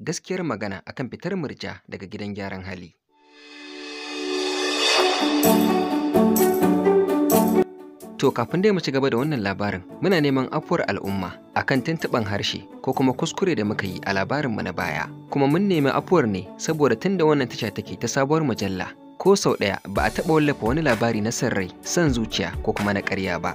gaskiyar magana akan fitar murja daga gidan gyaran hali. To kafin dai mu ci gaba da wannan labarin muna neman afuwar al'umma akan tuntuɓan harshe ko kuma kuskure da muka yi a labarinmu na baya kuma mun nemi afuwar ne saboda tun da wannan tasha take ta sabuwar mujalla ko sau ɗaya ba a taɓa wallafa wani labari na san rai son zuciya ko kuma na ƙarya ba.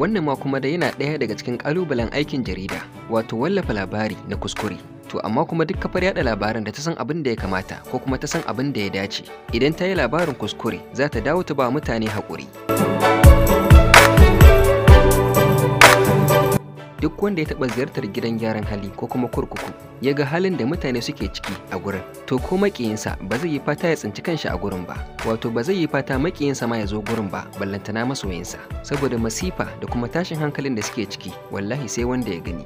wannan ma kuma da yana ɗaya daga cikin ƙalubalen aikin jarida wato wallafa labari na kuskure to amma kuma duk kafar yada labarin da ta san abin da ya kamata ko kuma ta san abin da ya dace idan ta yi labarin kuskure za ta dawo ta ba mutane haƙuri. duk wanda ya taɓa ziyartar gidan gyaran hali ko kuma kurkuku ya ga halin da mutane suke ciki a gurin to ko makiyinsa ba zai yi fata ya tsinci kanshi a gurin ba wato ba zai yi fata makiyinsa ma ya zo gurin ba ballantana masoyinsa saboda masifa da kuma tashin hankalin da suke ciki wallahi sai wanda ya gani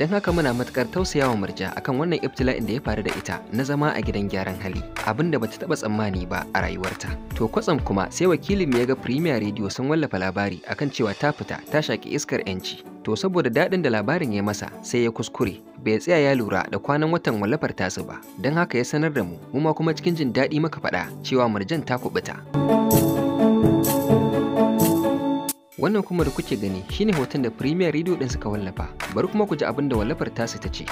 don haka muna matukar tausayawa murja akan wannan ibtila'in da ya faru da ita na zama a gidan gyaran hali abin da bata taba tsammani ba a rayuwarta to kwatsam kuma sai wakilin mu ya ga premier radio sun wallafa labari akan cewa ta fita ta shaki iskar yanci to saboda daɗin da labarin ya masa sai ya kuskure bai tsaya ya lura da kwanan watan wallafar tasu ba don haka ya sanar da mu mu ma kuma cikin jin daɗi maka faɗa cewa murjan ta kubuta. Wannan kuma da kuke gani shine hoton da Premier Radio ɗin suka wallafa, bari kuma ku ji abin da wallafar tasu ta ce.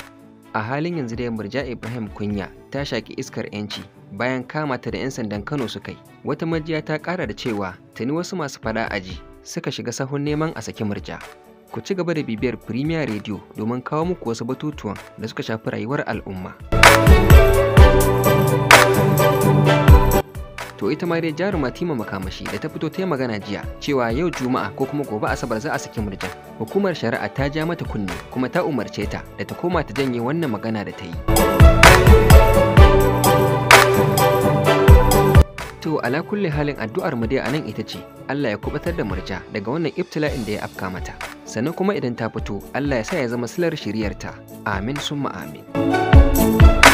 A halin yanzu da Murja Ibrahim Kunya ta shaki iskar 'yanci bayan kama ta da 'yan sandan Kano suka yi. Wata majiya ta ƙara da cewa tuni wasu masu faɗa aji suka shiga sahun neman a saki Murja. Ku ci gaba da bibiyar Premier Radio domin kawo muku wasu batutuwan da suka shafi rayuwar al'umma. to ita ma dai jaruma tima makamashi da ta fito ta magana jiya cewa yau juma'a ko kuma gobe asabar za a saki murjan hukumar shari'a ta ja mata kunne kuma ta umarce ta da ta koma ta janye wannan magana da ta yi To ala kulli halin addu'ar mu dai anan ita ce Allah ya kubatar da murja daga wannan ibtila'in da ya afka mata sannan kuma idan ta fito Allah ya sa ya zama silar shiriyarta amin summa amin